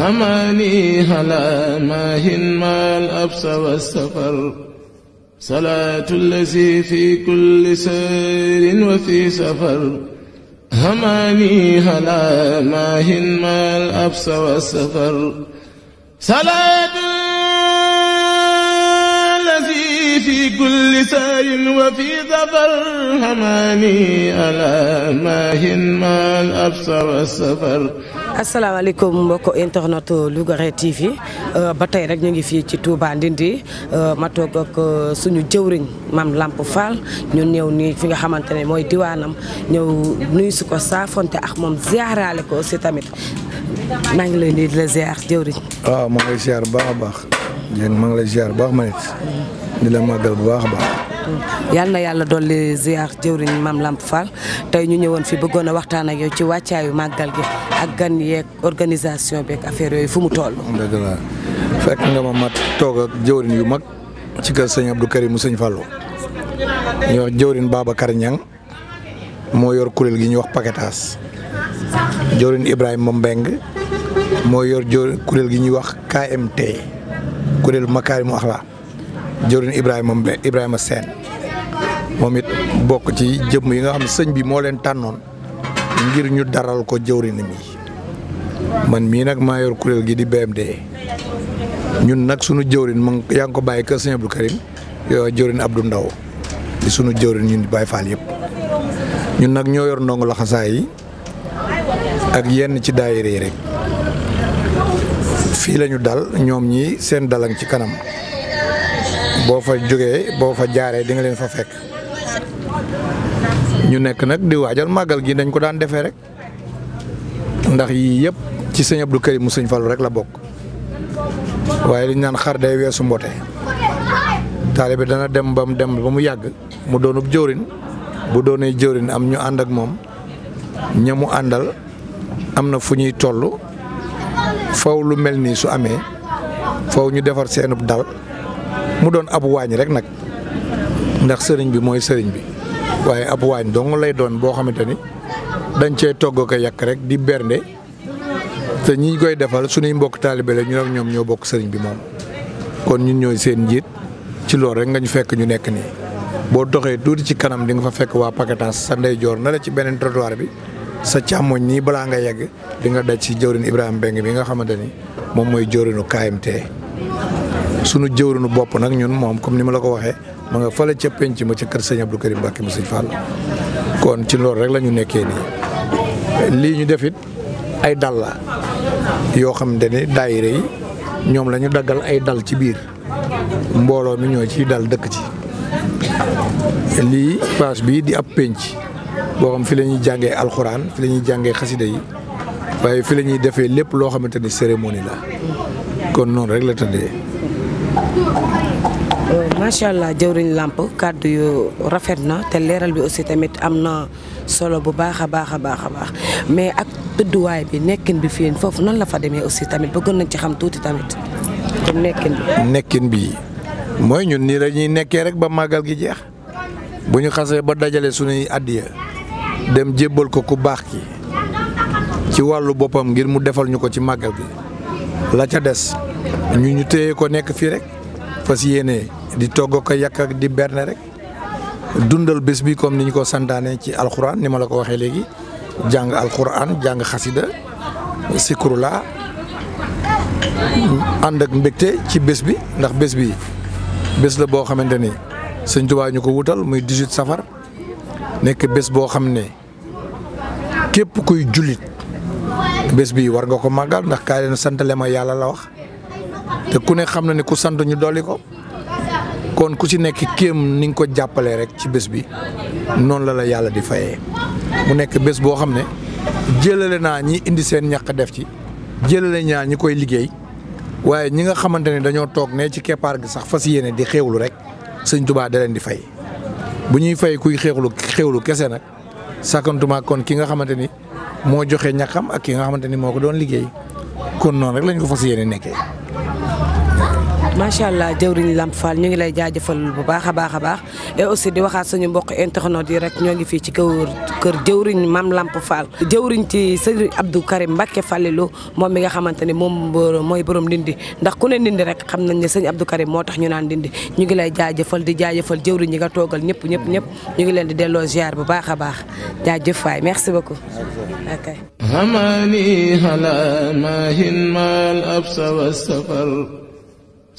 هماني هلا ماهن ما الأبس والسفر صلاة الذي في كل سير وفي سفر هماني هلا ماهن ما الأبس والسفر صلاة الذي في كل سير وفي سفر هماني ألا ماهن مال الأبس والسفر asalaamaaleykum mbokk internet Lougaré TV euh, ba tey rek ñu ngi fii ci Touba Ndindi euh, ma toog euh, suñu jëwriñ Mame Lamp Fall ñu ñëw nii fi nga xamante ne mooy diwaanam ñëw nuyu si ko saafonte ak moom ziaraale ko aussi tamit maa ngi lay nuyu di la ziar jëwriñ. waaw ah, maa ngi lay ziar bu baax a baax. Dieng maa ngi lay ma nit. di la màggal bu baax a baax. yal na yàlla dolli ziar jëwriñ Mame Lamp Fall tey ñu ñëwoon fi bëggoon a waxtaan ak yow ci wàccaayu màggal gi ak gan yeeg organisation beeg affaire yooyu fu mu toll. dëgg la fekk nga ma mat toog ak jëwriñ yu mag ci kër sëñ Abdou Karim sëñ Fallou ñu wax jëwriñ Babacar Niang moo yor kuréel gi ñuy wax paquetage jëwriñ Ibrahima Mbeng moo yor jëwriñ kuréel gi ñuy wax KMT kuréel Makaarimu Axlaa jëwriñ Ibrahima Ibrahima Sène bokk ci jëmm yi nga xam ne sëñ bi moo leen tànnoon ngir ñu daral ko jëwrinam yi man mii nag maa yor kuréel gi di de ñun nag sunu jëwrin mu yaa ngi ko bàyyi kër sëñ Abdou Karim jëwrin Abdou Ndaw di sunu jëwrin ñun di Baay Faal yëpp ñun nag ñoo yor ndongo laxasaay yi ak yenn ci daayira yi rek fii lañu dal ñoom ñi seen dalang ci kanam boo fa jógee boo fa jaaree di leen fa fekk ñu nek nak di wajal magal gi dañ ko daan defé rek ndax yii yëpp ci sëñ Abdou Karim mu Fallu rek la bok waye li ñaan xar day weesu mboté talibé dana dem bam mu dem bamu yagg mu doonub jorin bu doone jorin am ñu and ak mom ñamu andal amna faw lu melni su amé faw ñu défar seenub dal mu doon ab rek nak ndax sëriñ bi moy sëriñ bi waaye ab waañ dong lay doon boo xamante ni dañ cee togg ko yàq rek di bernde te ñi koy defal suñuy mbokk taalibe la ñu ak ñoom ñoo bokk sëriñ bi moom. kon ñun ñooy seen njiit ci loolu rek nga ñu fekk ñu nekk nii boo doxee tuuti ci kanam di nga fa fekk waa Paquetas sa ndeyjoor na la ci beneen trottoir bi sa càmmoñ nii balaa nga yegg di nga daj ci jëwrin Ibrahima Mbeng bi nga xamante ni moom mooy jëwrinu KMT. sunu jëwrinu bopp nag ñun moom comme ni ma la ko waxee ma nga fale ca penc ma ca kër sëñ Abdou Karim Mbacke mu sëñ Fall kon ci loolu rek lañu nekkee nii lii ñu def it ay dal yoo xam te ne daayira yi ñoom lañu ñu daggal ay dàll ci biir mbooloo mi ñoo ciy dal dëkk ci lii place bii di ab penc boo xam fi la ñuy jàngee alxuraan fi la jàngee xasida yi waaye fi la ñuy defee lépp loo xamante ni cérémonie la kon noonu rek la tëddee. Euh, macha allah jëwriñ làmp kàddu yu rafet na te leeral bi aussi tamit am na solo bu baax a baax a baax a baax mais ak tëdduwaay bi nekkin bi fii foofu nan la fa demee aussi tamit bëggoon nañ ci xam tuuti tamit comme nekkin bi. nekkin bi mooy ñun nii dañuy nekkee rek ba màggal gi jeex bu ñu xasee ba dajalee suñuy addiya dem jébbal ko ku baax ki ci wàllu boppam ngir mu defal ñu ko ci màggal gi la ca des ñu ñu téye ko nekk fii rek. fas yene di Togo ko yak ak di berne rek dundal bes bi comme niñ ko santane ci alquran ni ma la ko jang léegi jàng jang khasida, xasida sikurula and ak mbégte ci bes bi ndax bes bi bes la bo xamanteni seigne touba ñuko wutal muy 18 safar nek bes bo xam kep kuy jullit bés bi war nga ko magal ndax kaa leen santale la wax te ku ne xam na ne ku sant ñu dolli ko kon ku ci nekk kéem ni nga ko jàppalee rek ci bés bi noonu la la yàlla di fayee mu nekk bés boo xam ne jëlale naa ñi indi seen ñaq def ci jëlale ñaa ñi koy liggéey waaye ñi nga xamante ne dañoo toog ne ci keppaar gi sax fas yéene di xéewlu rek sëñ Tuubaa da di fay bu ñuy fay kuy xéewlu xéewlu kese nag sakantuma kon ki nga xamante ni moo joxe ñaqam ak ki nga xamante ni moo ko doon liggéey kon noonu rek lañ ko fas yéene nekkee. macha allah jëwriñ Lamp Fall ñu ngi lay jaajëfal bu baax a baax a baax et aussi di waxaat suñu mbokk internautes yi rek ñoo ngi fii ci kër kër jëwriñ Mame Lamp Fall jëwriñ ci sëriñ Abdou Karim Mbacke Fallilou moom mi nga xamante ne moom mooy borom ndindi ndax ku ne ndindi rek xam nañ ne sëñ Abdou Karim moo tax ñu naan ndindi ñu ngi lay jaajëfal di jaajëfal jëwriñ yi nga toogal ñëpp ñëpp ñëpp ñu ngi leen di delloo ziar bu baax a baax jaajëf waay merci beaucoup ok همالي هلا ما هن ما الأبس